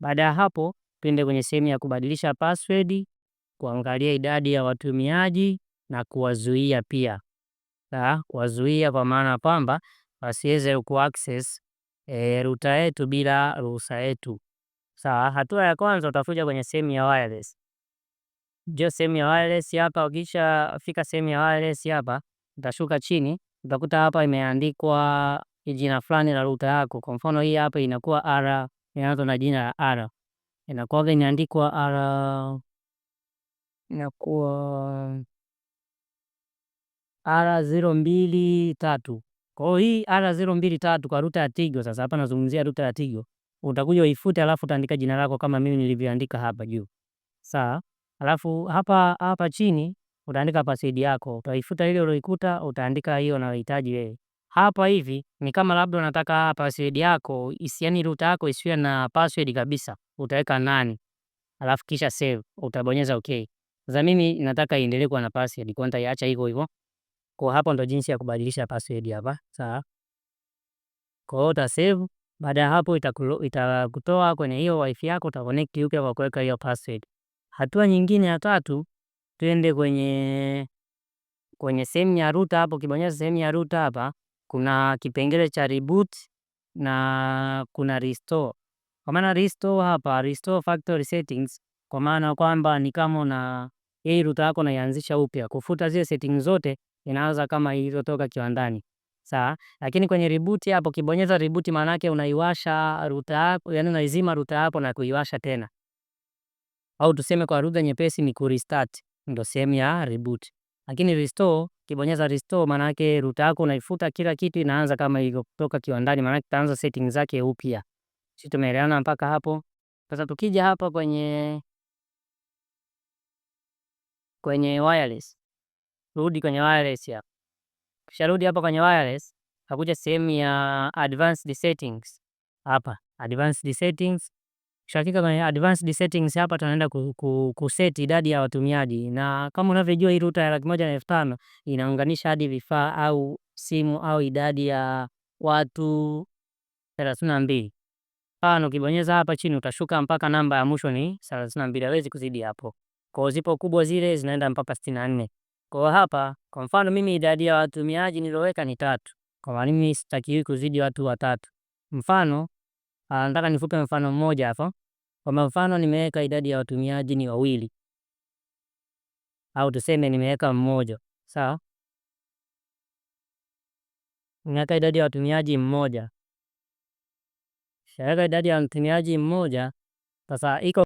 Baada ya hapo, twende kwenye sehemu ya kubadilisha password, kuangalia idadi ya watumiaji na kuwazuia pia. Na kuwazuia kwa maana kwamba wasiweze ku access e, eh, ruta yetu bila ruhusa yetu. Sawa, hatua ya kwanza utafuja kwenye sehemu ya wireless. Jo, sehemu ya wireless hapa, ukisha fika sehemu ya wireless hapa, utashuka chini, utakuta hapa imeandikwa jina fulani la ruta yako. Kwa mfano hii hapa inakuwa R inaanza na jina la R inakuwaga inaandikwa R, inakuwa R ziro mbili tatu. Kwa hiyo hii R ziro mbili tatu kwa ruta ya Tigo, sasa hapa nazungumzia ruta ya Tigo, utakuja uifute, alafu utaandika jina lako kama mimi nilivyoandika hapa juu, sawa. Alafu hapa hapa chini utaandika password yako, utaifuta ile ulioikuta, utaandika hiyo unayohitaji wewe hapa hivi ni kama labda unataka password yako yani router yako isiwe na password kabisa, utaweka nani, alafu kisha save, utabonyeza okay. Sasa mimi nataka iendelee kuwa na password, kwa nitaiacha hivyo hivyo. Kwa hapo ndo jinsi ya kubadilisha password hapa. Sawa, kwa hiyo uta save. Baada ya hapo itakutoa kwenye hiyo wifi yako, uta connect upya kwa kuweka hiyo password. Hatua nyingine ya tatu, tuende kwenye kwenye sehemu ya router hapo, kibonyeza sehemu ya router hapa kuna kipengele cha reboot na kuna restore. Kwa maana restore hapa, restore factory settings, kwa maana kwamba ni kama una hii ruta yako naianzisha upya, kufuta zile settings zote, inaanza kama ilivyotoka kiwandani. Sawa, lakini kwenye reboot hapo, kibonyeza reboot, maana yake unaiwasha ruta yako, yani unaizima ruta yako na kuiwasha tena, au tuseme kwa lugha nyepesi ni kurestart, ndo sehemu ya reboot. Lakini restore, kibonyeza restore maana yake router yako unaifuta kila kitu inaanza kama ilivyotoka kutoka kiwandani maana yake itaanza zake upya. Sisi tumeelewana mpaka hapo. Sasa tukija hapa kwenye kwenye wireless. Rudi kwenye wireless ya Kisha rudi hapa kwenye wireless, akuja sehemu ya advanced settings. Hapa advanced settings Ukishafika kwenye advanced settings hapa tunaenda ku, ku, ku set idadi ya watumiaji, na kama unavyojua hii router ya laki moja na elfu tano inaunganisha hadi vifaa au simu au idadi ya watu 32. na Mfano ukibonyeza hapa chini utashuka mpaka namba ya mwisho ni 32, hawezi kuzidi hapo. Kwa zipo kubwa zile zinaenda mpaka 64. na nne. Kwa hapa kwa mfano mimi idadi ya watumiaji niloweka ni tatu, kwa maana mimi sitakiwi kuzidi watu watatu. Mfano Ah, nataka nifupe mfano mmoja hapo. Kwa mfano nimeweka idadi ya watumiaji ni wawili au tuseme nimeweka mmoja, sawa? Nimeweka idadi ya watumiaji mmoja, shaweka idadi ya watumiaji mmoja. Sasa iko